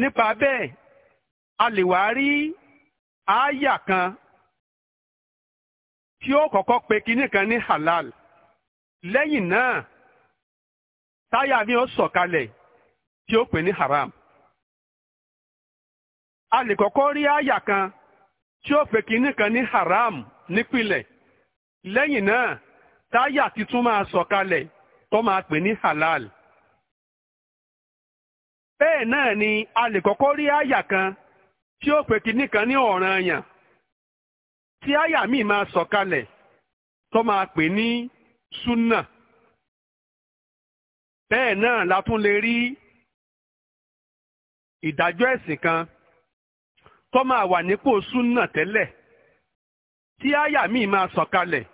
nípa bẹ́ẹ̀ a lè wá rí àáyà kan tí ó kọ́kọ́ pe kinní kan ní halal lẹ́yìn náà táyà mi ó sọ̀kalẹ̀ tí ó pè ní haram. a lè kọ́kọ́ rí àyà kan tí ó pè kinní kan ní haram nípìlẹ̀ lẹ́yìn náà táyà tuntun máa sọ̀kalẹ̀ tó máa pè ní halal. bẹ́ẹ̀ náà ni a lè kọ́kọ́ rí àyà kan tí ó pè nìkan ní ní ọ̀ranyàn tí àyà míì máa sọ̀kalẹ̀ tó máa pè ní súnà bẹ́ẹ̀ náà la tún lè rí ìdájọ́ ẹ̀sìn kan tó máa wà nípò súnà tẹ́lẹ̀ tí àyà míì máa sọ̀kalẹ̀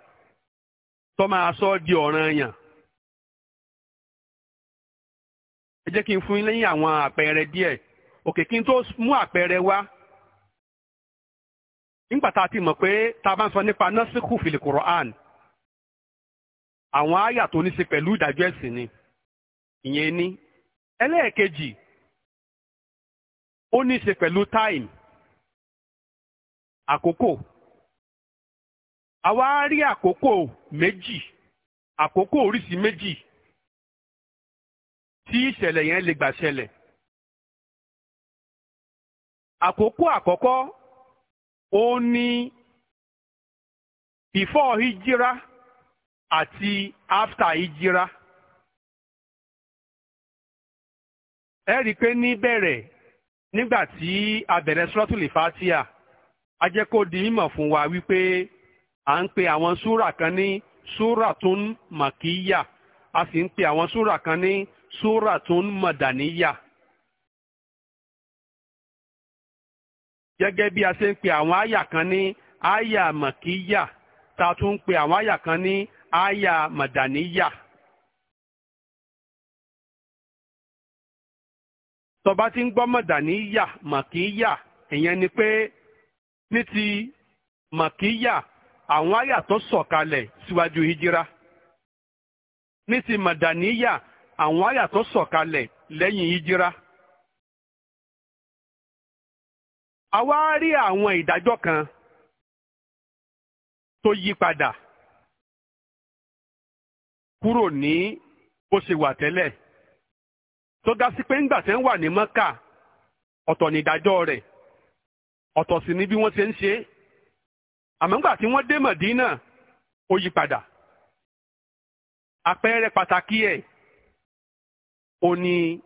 tó máa sọ di ọ̀ranyàn. ẹ jẹ́ kí n fún yín lẹ́yìn àwọn àpẹẹrẹ díẹ̀ òkè kí n tó mú àpẹẹrẹ wá nígbà tá a ti mọ̀ pé tá a bá ń sọ nípa násìkò fìlì Qur'an àwọn àyà tó ní ṣe pẹ̀lú ìdájọ́ ẹ̀sìn ni ìyẹn ni ẹlẹ́ẹ̀kejì ó ní ṣe pẹ̀lú time àkókò àwa rí àkókò méjì àkókò oríṣi méjì tí ìṣẹ̀lẹ̀ yẹn lè gbà ṣẹlẹ̀. àkókò àkọ́kọ́ ó ní before hijira àti after hijira. ẹ rí i pé ní bẹ̀rẹ̀ nígbà tí a bẹ̀rẹ̀ sọ́tùlì fatia a jẹ́ kó di mímọ̀ fún wa wípé à ń pe àwọn súrà kan ní súrà tún màkìyà a sì ń pe àwọn súrà kan ní súratun mọ̀dàníyà gẹ́gẹ́ bí a ṣe ń pe àwọn àyà kan ní àyà mọ̀kíyà ta tún ń pe àwọn àyà kan ní àyà mọ̀dàníyà. Tọba ti ń gbọ́ mọ̀dàníyà mọ̀kíyà ìyẹn ni pé ní ti mọ̀kíyà àwọn àyà tó sọ̀kalẹ̀ síwájú hijira ní ti àwọn àyà tó sọ̀kalẹ̀ lẹ́yìn ijira, a wá rí àwọn ìdájọ́ kan tó yí padà kúrò ní bó ṣe wà tẹ́lẹ̀ tó ga sí pé ńgbà tẹ́ ń wà ní mọ́kà ọ̀tọ̀ ní ìdájọ́ rẹ̀ ọ̀tọ̀ sì ni bí wọ́n ṣe ń ṣe àmọ́ ńgbà tí wọ́n dé mọ̀dínà ó yí padà ó ní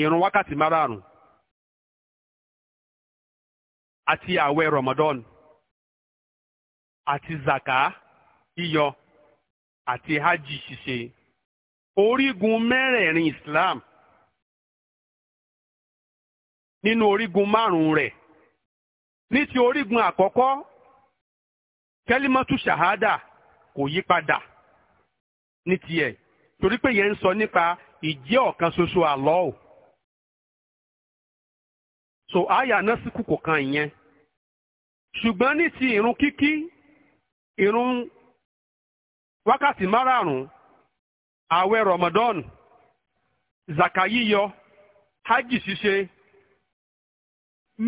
ìrun wákàtí márààrún àti ààwẹ̀ Ramadan àti zaka yíyọ àti hajj ṣiṣe, orígun mẹ́rẹ̀ẹ̀rin Islam nínú orígun márùn-ún rẹ̀ ní ti orígun àkọ́kọ́ kẹ́límọ́tù shahada kò yí padà ní tiẹ̀. torí pé yẹn ń sọ nípa ìjẹ́ ọ̀kan ṣoṣo o so àyà náà sì kù kò kan ìyẹn ṣùgbọ́n ní ti ìrun kíkí ìrun wákàtí márààrún Ramadan zaka yíyọ hajj ṣíṣe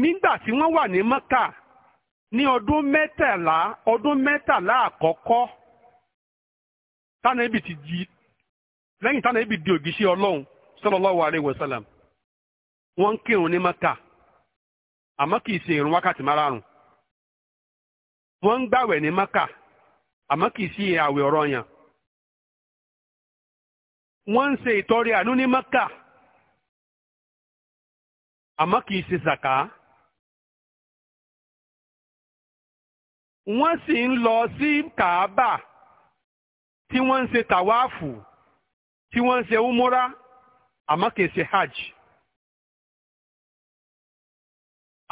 nígbà tí wọ́n wà ní Mẹ́kà ní ọdún mẹ́tàlá ọdún ti di lẹ́yìn táwọn ibi di òjíṣẹ́ ọlọ́run sallallahu alaihi wasallam wọ́n ń kírun ní mẹ́ta àmọ́ kì í ṣe ìrun wákàtí márààrún wọ́n ń gbàwẹ̀ ní mẹ́ka àmọ́ kì í ṣe àwẹ̀ ọ̀rọ̀ yàn wọ́n ń ṣe ìtọrẹ àánú ní mẹ́ka àmọ́ wọ́n sì ń lọ sí kàábà tí wọ́n ń tí wọ́n ń ṣe umura àmọ́ hajj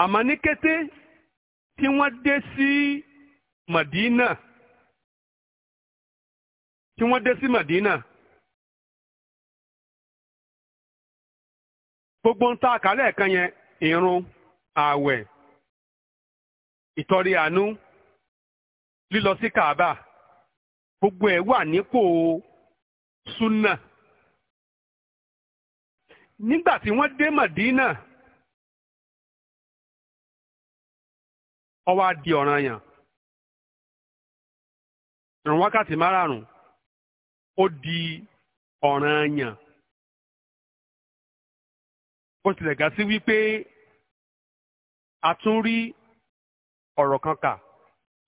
àmọ́ ní kété tí wọ́n dé sí Madina tí wọ́n dé sí Madina gbogbo ń ta àkàlẹ̀ kan yẹn ìrun ààwẹ̀ ìtọ́rí àánú lílọ sí Kaaba gbogbo ẹ̀ wà nípò súnà nígbà tí wọ́n dé Màdínà ó wá di ọ̀ranyàn ìrun wákàtí márààrún ó di ọ̀ranyàn ó tilẹ̀ gá sí wípé a tún rí ọ̀rọ̀ kan kà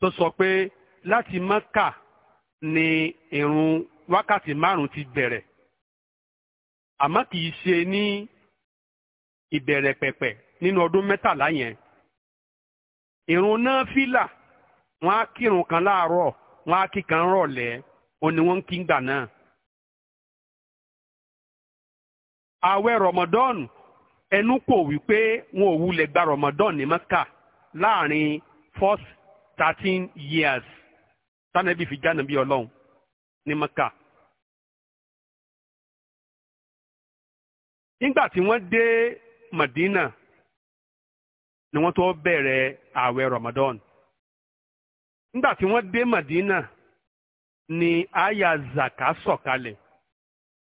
tó sọ pé láti Mákà ni ìrun wákàtí márùn ti bẹ̀rẹ̀ àmọ́ kì í ṣe ní ìbẹ̀rẹ̀ pẹ̀pẹ̀ nínú ọdún mẹ́tàlá yẹn ìrun náà fìlà wọ́n á kírun kan láàárọ̀ wọ́n á kí kan rọ̀lẹ́ òun ni wọ́n ń kí ń gbà náà. ààwẹ̀ rọmọdọ́ọ̀nù ẹnu kò wípé wọn ò wulẹ̀ gba rọmọdọ́ọ̀nù ní mẹ́kà láàrin first thirteen years tánàbí fi jáde bí ọlọ́run ní mẹ́kà. nígbà tí wọ́n dé Madina ni wọ́n tó bẹ̀rẹ̀ ààwẹ̀ Ramadan nígbà tí wọ́n dé Madina ni aya zaka sọ̀kalẹ̀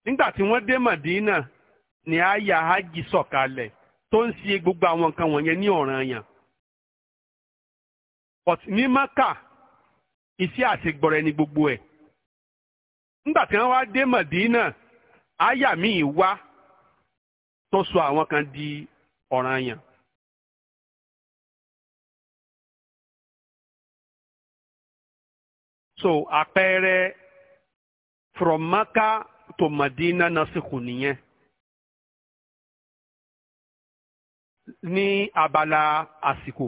nígbà tí wọ́n dé Madina ni aya hajj sọ̀kalẹ̀ tó ń ṣe gbogbo àwọn nǹkan wọ̀nyẹn ní ọ̀ranyàn but ní Maka iṣẹ́ àṣegbọ̀rẹ̀ ni gbogbo ẹ̀ nígbà tí wọ́n wá dé Madina aya míì wá. tó sọ àwọn kan di ọ̀ranyàn. so àpẹẹrẹ from Maka to Madina nasiku nìyẹn ní abala àsìkò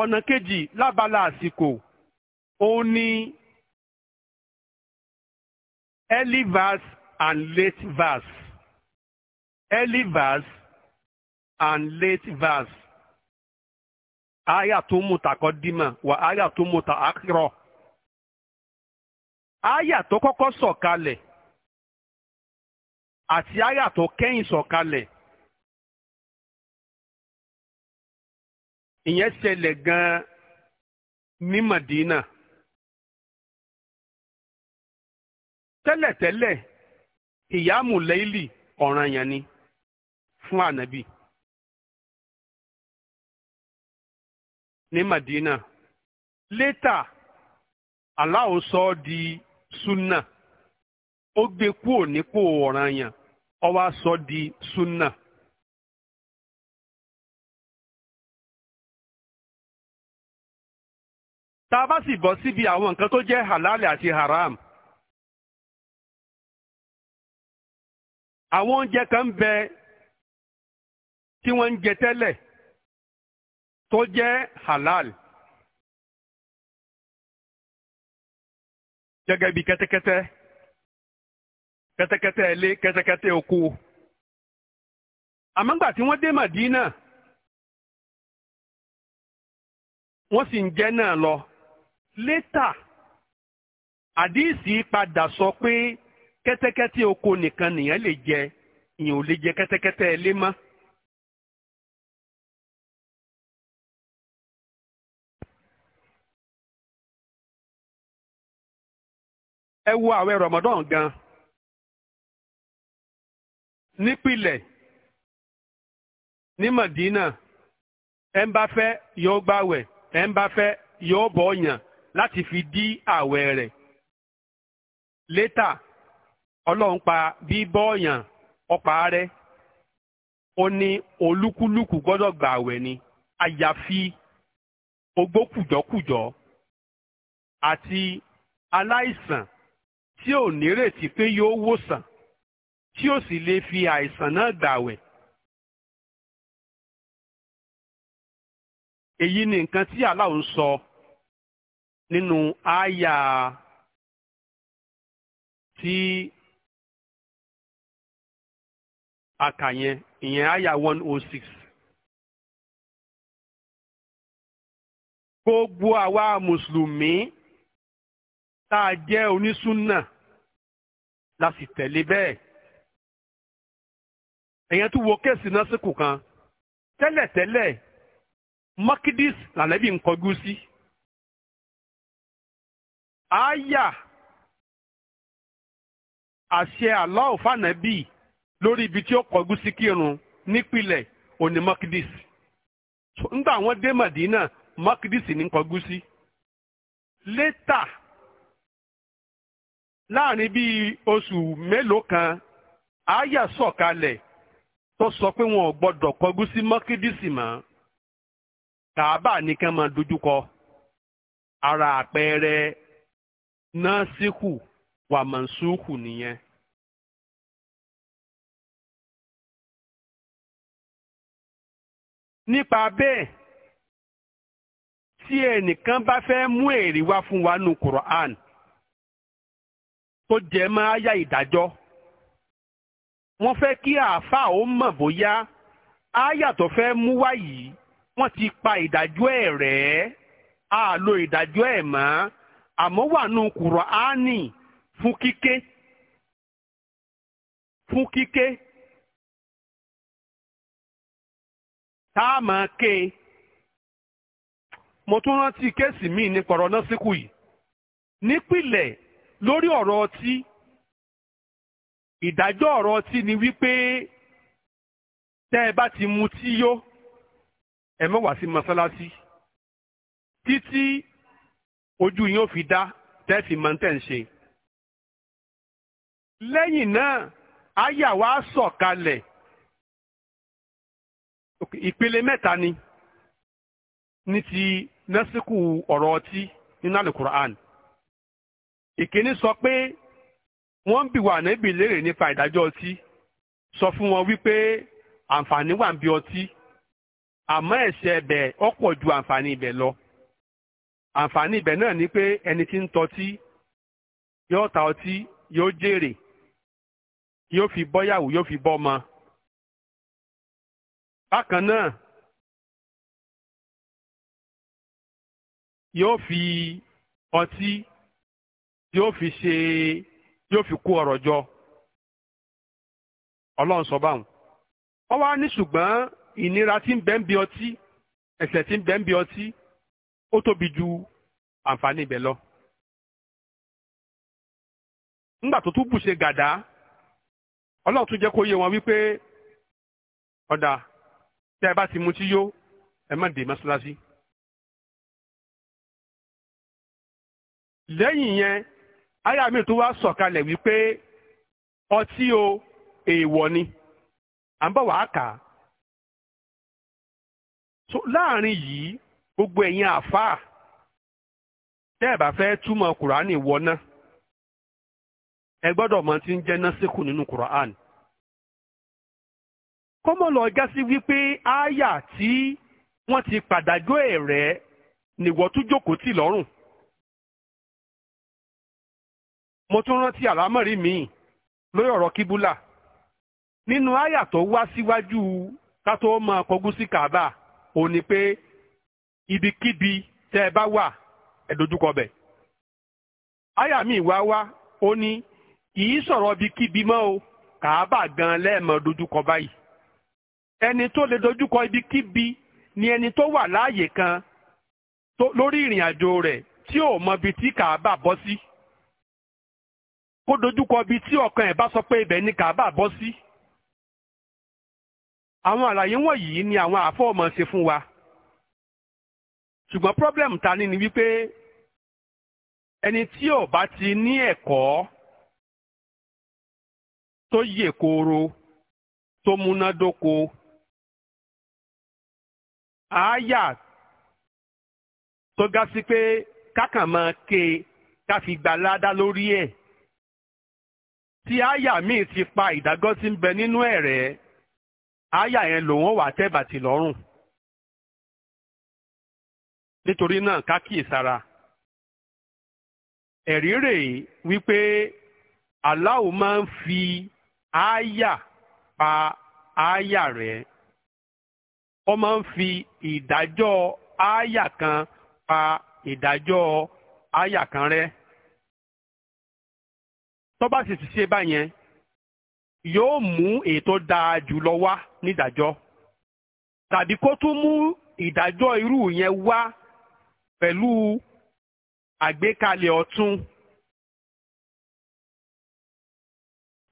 ọ̀nà kejì lábala àsìkò òun ni early verse and late verse early verse and late verse aya tó mutaqaddima wa aya tó mutaakhira aya tó kọ́kọ́ sọ̀kalẹ̀ àti aya tó kẹ́yìn sọ̀kalẹ̀ ìyẹn ṣẹlẹ̀ gan-an ní Madina tẹ́lẹ̀tẹ́lẹ̀ ìyá mùlẹ́lì ọ̀ranyàn ni. fún ànábì ní Madina létà Allah sọ ọ́ di sunna ó gbé kúò nípò ọ̀ranyàn ó wá sọ di sunna. tá a bá sì bọ́ síbi àwọn nǹkan tó jẹ́ halal àti haram. àwọn oúnjẹ kan ń bẹ tí wọ́n ń jẹ tẹ́lẹ̀ tó jẹ́ halal gẹ́gẹ́ bí kẹ́tẹ́kẹ́tẹ́ kẹ́tẹ́kẹ́tẹ́ ilé kẹ́tẹ́kẹ́tẹ́ oko àmọ́ nígbà tí wọ́n dé Màdínà wọ́n sì ń jẹ náà lọ létà àdíìsì padà sọ pé kẹ́tẹ́kẹ́tẹ́ oko nìkan nìyẹn lè jẹ ìyẹn ò lè jẹ kẹ́tẹ́kẹ́tẹ́ ilé mọ́. ẹ wo àwẹ̀ Ramadan gan nípìlẹ̀ ní Madina ẹ ń bá fẹ́ yóò gbàwẹ̀ ẹ ń bá fẹ́ yóò bọ̀ ọ̀yàn láti fi dí àwẹ̀ rẹ̀ létà ọlọ́run pa bíbọ̀ ọ̀yàn ọ̀pá rẹ̀ ó ní olúkúlùkù gbọ́dọ̀ gbà àwẹ̀ ni àyàfi ogbó kùjọ́kùjọ́ àti aláìsàn tí ò nírètí pé yóò wòsàn tí ò sì lè fi àìsàn náà gbàwẹ̀. èyí ni nǹkan tí Allah ń sọ nínú àyà tí a kà yẹn ìyẹn àyà one oh six. gbogbo àwa mùsùlùmí tá a jẹ́ onísúnà la sì tẹ̀lé bẹ́ẹ̀. èèyàn tún wo kéèsì náà síkù kan tẹ́lẹ̀tẹ́lẹ̀ makidis làlẹ́bí ń kọjú sí. àáyà àṣẹ Allah fànàbí lórí ibi tí ó kọjú sí kírun nípìnlẹ̀ òní makidis. nígbà wọ́n dé Madina makidis ní kọjú sí. létà láàrin bíi oṣù mélòó kan àáyà sọ̀kalẹ̀ tó sọ pé wọn ò gbọ́dọ̀ kọjú sí mọ́kídísì mọ́ kàábà nìkan máa dojúkọ ara àpẹẹrẹ násìkù wà mọ̀nsúkù nìyẹn. nípa bẹ́ẹ̀ tí ẹnìkan bá fẹ́ mú èrè wá fún wa nù Kùrọ̀án. tó jẹ mọ́ àyà ìdájọ. wọ́n fẹ́ kí àáfà ó mọ̀ bóyá àyà tó fẹ́ mú wá yìí wọ́n ti pa ìdájọ ẹ̀ rẹ́ a lo ìdájọ ẹ̀ mọ́ àmọ́ wà nù Kùránì fún kíké fún kíké tá a ké mo tún rántí kéèsì míì ní náà síkù yìí nípìnlẹ̀ lórí ọ̀rọ̀ ọtí ìdájọ́ ọ̀rọ̀ ọtí ni wípé tẹ́ ẹ bá ti mutí yó ẹ má wá sí mọ́sálásí títí ojú yín ó fi dá tẹ́ fi mọ̀ tẹ́ ń ṣe. lẹ́yìn náà àyà wa sọ̀kalẹ̀ ìpele mẹ́ta ni ní ti násìkò ọ̀rọ̀ ọtí nínú àlùkùránì ìkíní sọ pé wọ́n ń bì wà níbi léèrè nípa ìdájọ́ ọtí sọ fún wọn wípé àǹfààní wà ń bí ọtí àmọ́ ẹ̀ṣẹ̀ ẹ̀bẹ̀ ọ̀pọ̀ ju àǹfààní ibẹ̀ lọ àǹfààní ibẹ̀ náà ni pé ẹni tí ń tọ́tí yóò ta ọtí yóò jèrè yóò fi bọ́yàwó yóò fi bọ́mọ. bákan náà yóò fi ọtí yóò fi ṣe yóò fi kó ọ̀rọ̀ jọ ọlọ́run sọ báwọn. wọ́n wá ní ṣùgbọ́n ìnira tí ń bẹ ń bí ọtí ẹ̀ṣẹ̀ tí ń bẹ ń bí ọtí ó tóbi ju àǹfààní ibẹ̀ lọ. nígbà tó tún bù ṣe gàdá ọlọ́run tún jẹ́ kó yé wọn wípé ọ̀dà tí ẹ bá ti mutí yó ẹ má dé mọ́ṣáláṣí. lẹ́yìn yẹn àyà mi tó wá sọ̀kalẹ̀ wípé ọtí o èèwọ̀ ni à ń bọ̀ wá kà á. so láàrin yìí gbogbo ẹ̀yin àáfàá tẹ́ ẹ̀ bá fẹ́ túmọ̀ kùránì wọná ẹ gbọ́dọ̀ mọ̀ tí ń jẹ́ násìkò nínú kùránì. kọ́mọ̀ lọ já sí wípé àyà tí wọ́n ti pàdájọ́ ẹ̀rẹ́ nìwọ́ tún jókòó tì lọ́rùn. mo tún rántí àlámọ̀rí míì lórí ọ̀rọ̀ kíbúlà nínú àyà tó wá síwájú ká tó máa kọjú sí kàbà ò ní pé ibikíbi tẹ́ ẹ bá wà ẹ dojúkọ bẹ̀. àyà míì wá wá ó ní kìí í sọ̀rọ̀ ibikíbi mọ́ o kàbà gan lẹ́ẹ̀mọ́ dojúkọ báyìí. ẹni tó lè dojúkọ ibikíbi ni ẹni tó wà láàyè kan lórí ìrìn àjò rẹ̀ tí ò mọbi tí kàbà bọ́ sí. Si kó dojúkọ bíi tí ọkàn ẹ̀ bá sọ pé ibẹ̀ ni kàbá bọ́ sí. àwọn àlàyé wọ̀nyí ni àwọn àfọ́ ọmọ ṣe fún wa. ṣùgbọ́n problem ta ni ni wípé ẹni tí ò bá ti ní ẹ̀kọ́ tó yè kooro tó múnádóko àáyà tó ga sí pé kákàn ké ká fi gbà ládá lórí ẹ̀. E tí àyà míì ti pa ìdágọ́ tí ń bẹ nínú ẹ̀ rẹ̀ àyà yẹn lòun wà tẹ́bàtì lọ́rùn nítorí náà ká ẹ̀rí rèé wípé Allah máa ń fi àyà pa àyà rẹ̀ ó máa ń fi ìdájọ́ àyà kan pa ìdájọ́ àyà kan rẹ̀. tọba bá sì ti báyẹn yóò mú ètò dáa jùlọ wá nídàjọ́ tàbí kó tún mú ìdájọ́ irú yẹn wá pẹ̀lú àgbékalẹ̀ ọ̀tún.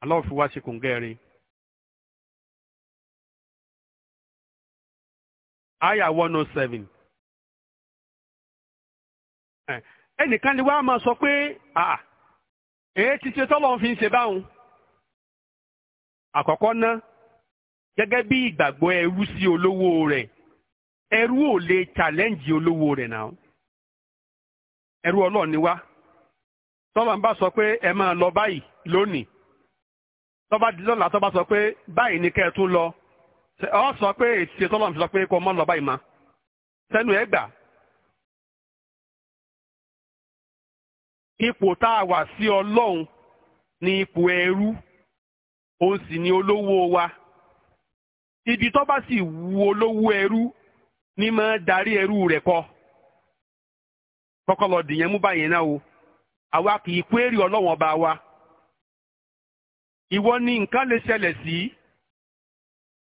Allah fi wá sí kòǹgẹ́rin. Aya one oh seven. Ẹnìkan ni wàá máa sọ pé àà. èyí tọlọm fi ń ṣe báwọn àkọ́kọ́ ná gẹ́gẹ́ bí ìgbàgbọ́ ẹrú sí olówó rẹ̀ ẹrú ò lè challenge olówó rẹ̀ náà ẹrú ọlọ́run tọ́ba ń bá sọ pé ẹ máa lọ báyìí lónìí tọ́ba di tọ́ba sọ pé báyìí ni lọ ọ sọ pé fi sọ pé mọ́ lọ báyìí ma sẹ́nu ẹ Ipụta tá si wà sí ọlọ́run ní ipò ẹrú ni olówó wa ibi tọba si wu olowo eru ní máa darí ẹrú kọ kọkọlọ lọ dìyẹn mú na o àwa kì í kwérì ọlọ́run ọba wa iwọ ni nǹkan lè ṣẹlẹ̀ sí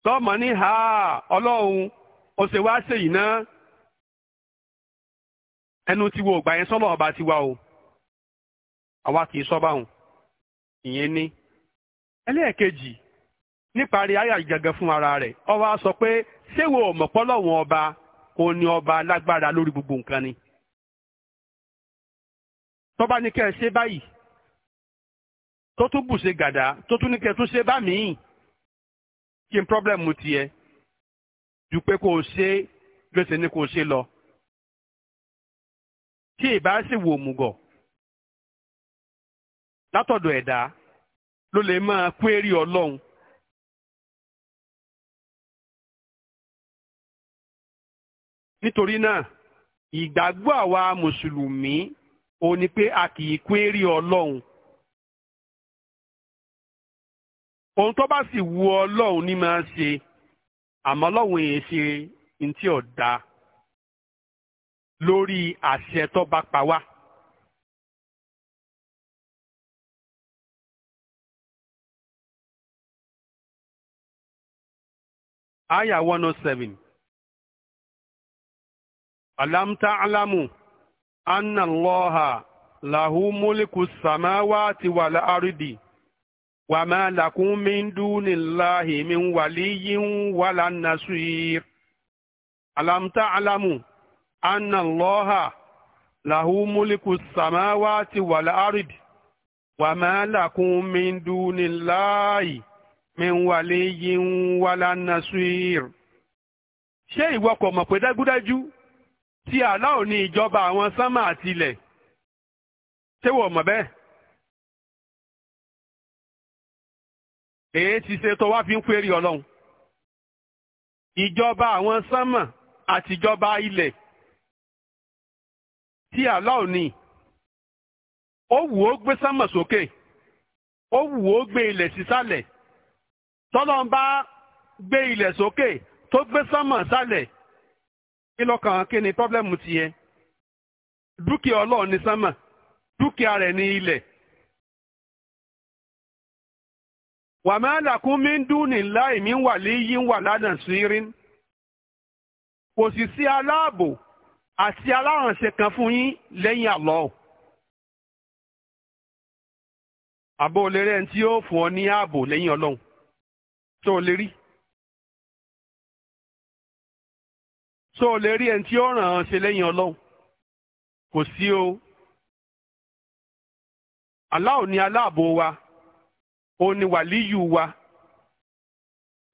tọ́mọ ní ha ọlọ́run ó ṣe wá ṣèyí ẹnu tiwo ògbà yẹn sọ́lọ́ ọba tiwa o. àwa kì í sọ́bà hùn ìyẹn ní. ẹlẹ́ẹ̀kejì níparí àyà ìgangan fún ara rẹ̀ ó wá sọ pé ṣéwò ọ̀mọ̀pọ̀lọ́wọ̀n ọba kò ní ọba lágbára lórí gbogbo nǹkan ni. tọ́ba ní kẹ́ ẹ ṣe báyìí tó tún bù ṣe gàdá tó tún ní kẹ́ ẹ tún ṣe bá mi-ín kí n pọ́blẹ́mù tiẹ̀ ju pé kó o ṣe gbèsè ni kó o ṣe lọ. tí ì bá ṣèwò òmùgọ̀ látọ̀dọ̀ ẹ̀dá ló lè máa kúérì ọlọ́run nítorí náà ìgbàgbọ́ àwa mùsùlùmí ó ní pé a kì í kúérì ọlọ́run ohun tó bá sì wù ọlọ́run ní máa ṣe àmọ́ ọlọ́run yẹn ṣe ní tí ò dáa lórí àṣẹ tó bá pa wá. aya 107. oh seven alam ta'lamu anna allaha lahu mulku samawati wal ardi wa ma lakum min dunillahi min waliyyin wala nasir alam ta'lamu anna allaha lahu mulku samawati wal ardi wa ma lakum min dunillahi min waliyin wala nasir. ṣé ìwọ kò mọ̀ pé dájúdájú tí Allah ní ìjọba àwọn sánmà àti ilẹ̀ ṣé wọ́n mọ̀ bẹ́ẹ̀. èyí ti ṣe tó wá fi ń pèrè ọlọ́run. ìjọba àwọn sánmà àtijọba ilẹ̀ tí Allah ní ó wù ó gbé sánmà sókè ó wù ó gbé ilẹ̀ sísàlẹ̀. Si tọ́lọ́n bá gbé ilẹ̀ sókè tó gbé sánmọ̀ sálẹ̀ kí lọ́kàn kí ni pọ́blẹ́mù ti yẹn dúkìá ọlọ́run ní sánmọ̀ dúkìá rẹ̀ ní ilẹ̀. wàmẹ́ àlàkún mi ń dún ní láì mi ń wà léyìn wà lánàá sí rí kò sì sí aláàbò àti alárànṣe kan fún yín lẹ́yìn àlọ́. àbó lérè ẹni tí yóò fún ọ ní ààbò lẹ́yìn ọlọ́run. So o lè rí ṣó o ran rí ẹni tí ko si o ṣe o ni Alaabo wa o ni wàlíyù wa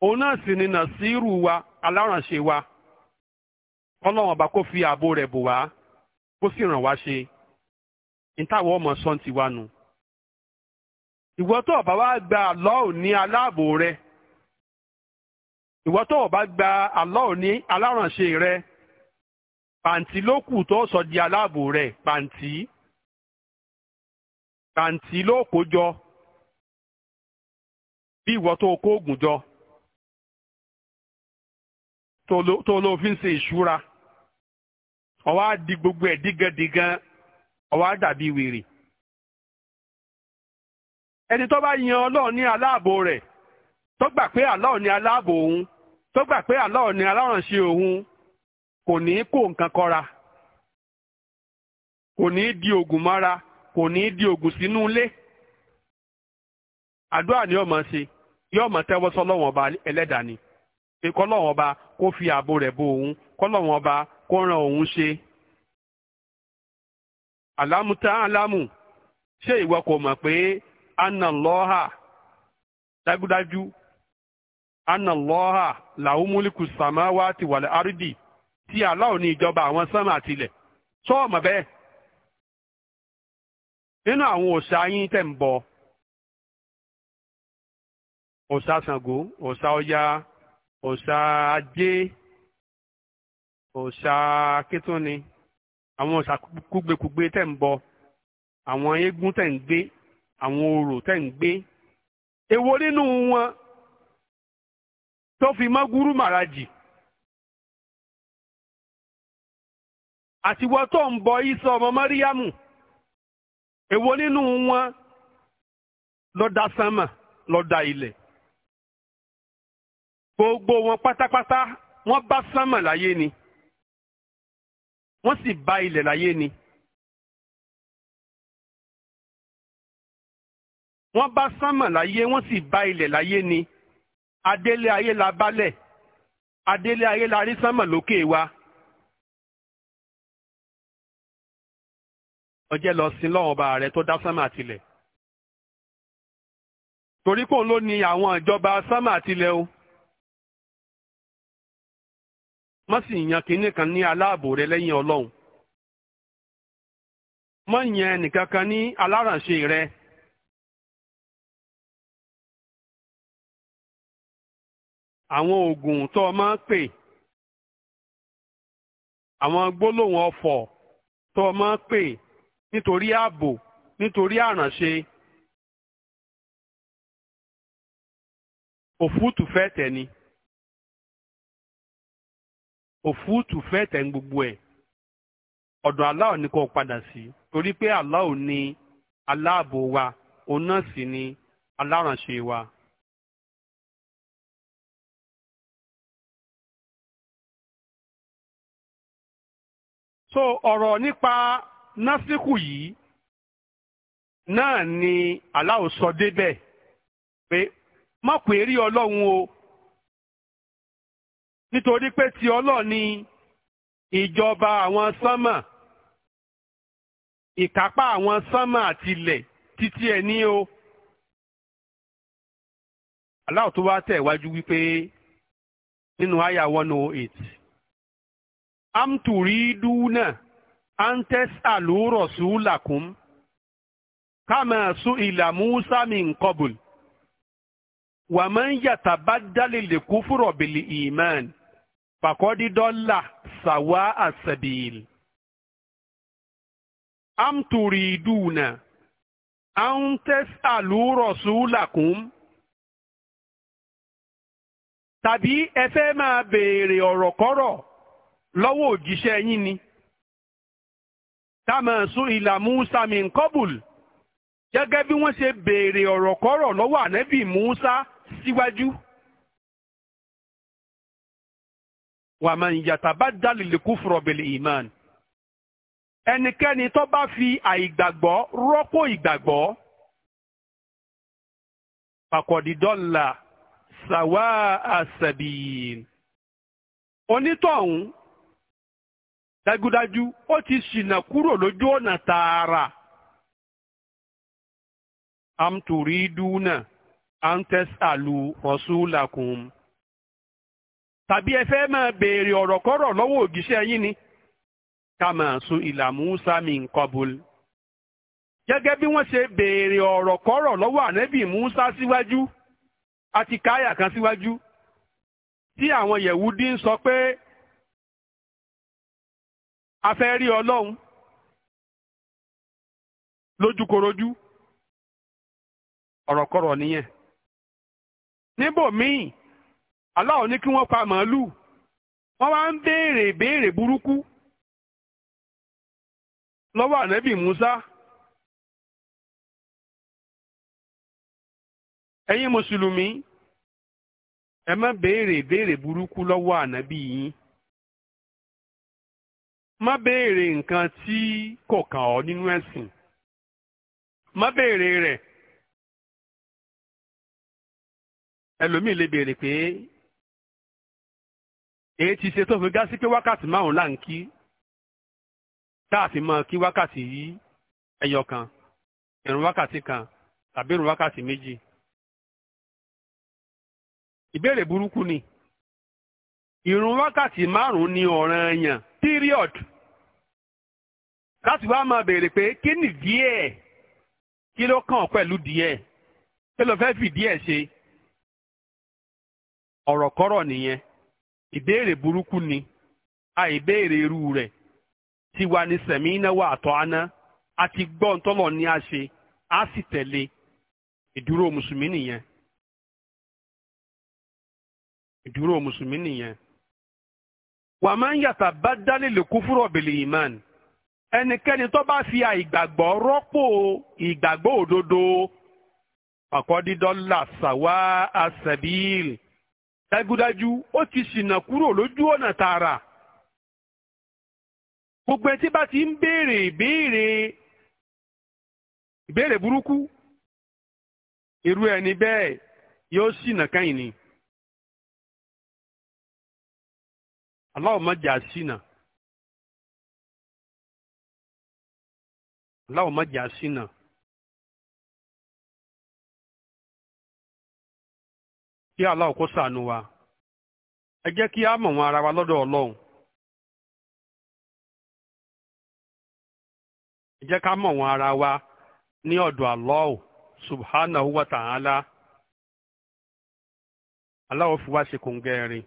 òun náà sì ni Nasiru wa aláràǹṣe wa ọlọ́run ọba kó fi ààbò rẹ̀ bò wá kó sì ràn wá ṣe nítawọ́ ọmọ sọ́ǹtì wa nù ìwọ tó ọba wa gba Allah ni aláàbò rẹ̀ ìwọ tó o bá gba Allah ní alárànṣe rẹ pàǹtí ló kù tó sọ di aláàbò rẹ pàǹtí pàǹtí ló kó jọ bí ìwọ tó kó oògùn jọ tó ló fi ń ṣe ìṣúra ọwọ́ á di gbogbo ẹ̀ dígandígan ọwọ́ á dàbí wèrè ẹni tó bá yan Ọlọ́run ní aláàbò rẹ̀. tó gbà pé Allah ni aláàbò òun tó gbà pé Allah ni alárànṣe òun kò ní kó nǹkan kọ́ra kò ní di ògùn mọ́ra kò ní di ògùn sínú ilé àdúrà ni ọmọ ṣe yóò mọ tẹ́wọ́ sọ́lọ́wọ́n ọba ẹlẹ́dàá ni kọ́lọ́wọ́n ọba kó fi ààbò rẹ̀ bo òun kọ́lọ́wọ́n ọba kó ran òun ṣe. àlámútá alámù ṣé ìwọ kò mọ̀ pé anna lọ́hà dájúdájú anna Allaha lahu mulku samawati wal ardi tí Allah ní ìjọba àwọn sánmà àtilẹ̀ bẹ́ẹ̀ nínú àwọn òṣà yín tẹ̀ ń bọ òṣà Ọya òṣà Ajé òṣà Kétúni àwọn kúgbekúgbe tẹ̀ ń àwọn eégún tẹ̀ wọn tó fi mọ́ gúrú màràjì àtiwọ́ tó ń bọ ìsọ ọmọ mọ́ríyámù èwo nínú wọn ló dá sánmà ló dá ilẹ̀ gbogbo wọn pátápátá wọ́n bá sánmà láyé ni wọ́n sì bá ilẹ̀ láyé ni. wọ́n bá sánmà láyé wọ́n sì bá ilẹ̀ láyé ni adélé ayé la bálẹ̀ adélé ayé la rí sánmà lókè wa. ọjẹ́ lọ sin lọ́wọ́ ọba rẹ tó dá sánmà tilẹ̀. torí kò ló ni àwọn ìjọba sánmà tilẹ̀ o. má sì yan kinní kan ní aláàbò rẹ lẹ́yìn ọlọ́run. má yan ẹnìkankan ní aláràǹṣe rẹ. àwọn oògùn tó o máa ń àwọn gbólóhùn ọ̀fọ̀ tó o máa ń pè nítorí ààbò nítorí àránṣe òfúùtù fẹ́ tẹ̀ ni òfúùtù fẹ́ gbogbo ẹ̀ ọ̀dọ̀ Allah ni kò padà sí torí pé ni aláàbò wa òun náà sì ni aláránṣe wa. so ọ̀rọ̀ nípa násìkù yìí náà ni aláwo sọ débẹ̀ pé má pè é rí ọlọ́run o nítorí pé ti ọlọ́run ni ìjọba àwọn sánmà ìkápá àwọn sánmà àti ilẹ̀ títí ẹ ní o. aláwo tó wá tẹ̀ wájú wípé nínú àyà one oh eight. am turiduna an tas'alu rasulakum kama su'ila Musa min qabl wa man yatabaddal al-kufra bil iman faqad dalla sawa as-sabil am turiduna an tas'alu rasulakum tàbí ẹ fẹ́ máa béèrè ọ̀rọ̀ kọ́rọ̀ lọ́wọ́ òjíṣẹ́ yín ni tamasu ìlà Musa min kọ́bùl gẹ́gẹ́ bí wọ́n ṣe béèrè ọ̀rọ̀kọ́rọ̀ lọ́wọ́ ànẹ́bì Musa síwájú. wa man yatabaddal al-kufra bil-iman ẹnikẹ́ni tó bá fi àìgbàgbọ́ rọ́pò ìgbàgbọ́ pàkọ̀dídọ́là sàwá àṣàbìyìn onítọ̀hún dájúdájú ó ti ṣìnà kúrò lójú ọ̀nà tààrà. amturi duna antes alu rasulakum. tàbí ẹ fẹ́ máa béèrè ọ̀rọ̀kọ́rọ̀ lọ́wọ́ òjíṣẹ́ yín ni. kàmá sun ìlà musa min qabul. gẹ́gẹ́ bí wọ́n ṣe béèrè ọ̀rọ̀kọ́rọ̀ lọ́wọ́ ànẹ́bì musa síwájú àti káyà kan síwájú. tí àwọn yẹ̀wù dín sọ pé a fẹ́ rí ọlọ́run lójúkorojú ọ̀rọ̀kọ̀rọ̀ nìyẹn níbòmíì aláwọ̀ ní kí wọ́n pa màálù wọ́n wá ń béèrè béèrè burúkú lọ́wọ́ ànábì Musa ẹ̀yin mùsùlùmí ẹ má béèrè béèrè burúkú lọ́wọ́ ànábì yín. má béèrè nǹkan tí kò kàn ọ́ nínú ẹ̀sìn má béèrè rẹ̀ ẹlòmíì lè béèrè pé èyí ti ṣe tó fi gá sí pé wákàtí márùn-ún là ń kí tá a fi mọ kí wákàtí yìí ẹyọ kan ìrun wákàtí kan tàbí ìrun wákàtí méjì ìbéèrè burúkú ni ìrun wákàtí márùn láti wá máa béèrè pé kí ni díẹ̀ kí ló kàn pẹ̀lú díẹ̀ kí ló fẹ́ fi díẹ̀ ṣe ọ̀rọ̀ nìyẹn ìbéèrè burúkú ni àìbéèrè irú rẹ̀ tiwa ni sẹ̀mí náwó àtọ̀ aná àti a ṣe a sì tẹ̀lé ìdúró mùsùlùmí nìyẹn ìdúró mùsùlùmí nìyẹn wàá máa ń yàtà bá dálé lè kú ẹnikẹ́ni tó bá fi àìgbàgbọ́ rọ́pò ìgbàgbọ́ òdodo àkọ́dídọ́là sàwá àṣẹ̀bíl dájúdájú ó ti ṣìnà kúrò lójú ọ̀nà tààrà gbogbo ẹtí bá ti ń béèrè ìbéèrè ìbéèrè burúkú irú ẹni bẹ́ẹ̀ yóò ṣìnà kẹ́yìn ni. Allah má jà ṣìnà. láwọn má jà sínà kí aláwọ̀ kó ṣàánú wa ẹ jẹ́ kí a mọ̀ wọn ara wa lọ́dọ̀ ọlọ́run ẹ jẹ́ ká mọ̀ wọn ara wa ní ọ̀dọ̀ Allah subhanahu wa ta'ala aláwọ̀ fi wá ṣe kòǹgẹ́ rin.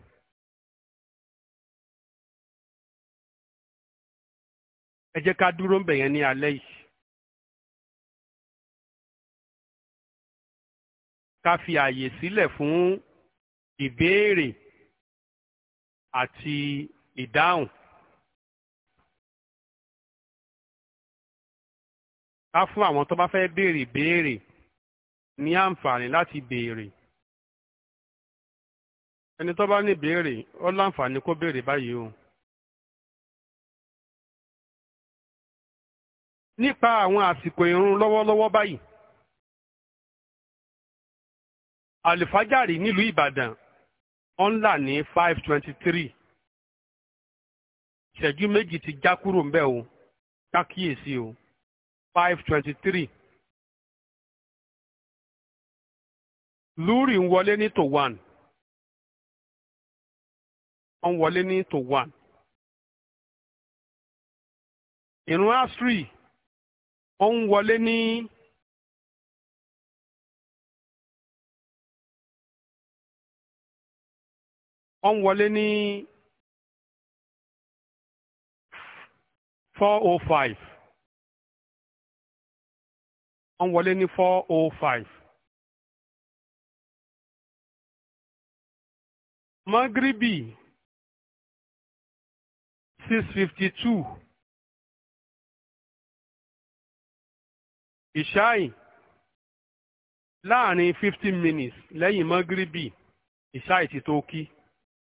ẹ jẹ́ ká dúró ń bẹ̀yẹn ní alẹ́ yìí. ká fi àyè sílẹ̀ fún ìbéèrè àti ìdáhùn. ká fún àwọn tó bá fẹ́ béèrè ìbéèrè ní àǹfààní láti béèrè. ẹni tó bá ní ìbéèrè ó láǹfààní kó béèrè báyìí o. nípa àwọn àsìkò ìrun lọ́wọ́lọ́wọ́ báyìí. alifajari nílùú ìbàdàn ọ̀nlà ní five twenty three ìṣẹ́jú méjì ti já kúrò ń bẹ̀ o kákíyèsí o five twenty three lúrì ń wọlé ní to one ó ń wọlé ní to one ìrún asri ó ń wọlé ní ó ń wọlé ní four oh five ó ń wọlé ní four oh five. magribi six fifty two ìṣáì láàrin fifteen minutes lẹ́yìn magribi ìṣáì ti tó kí.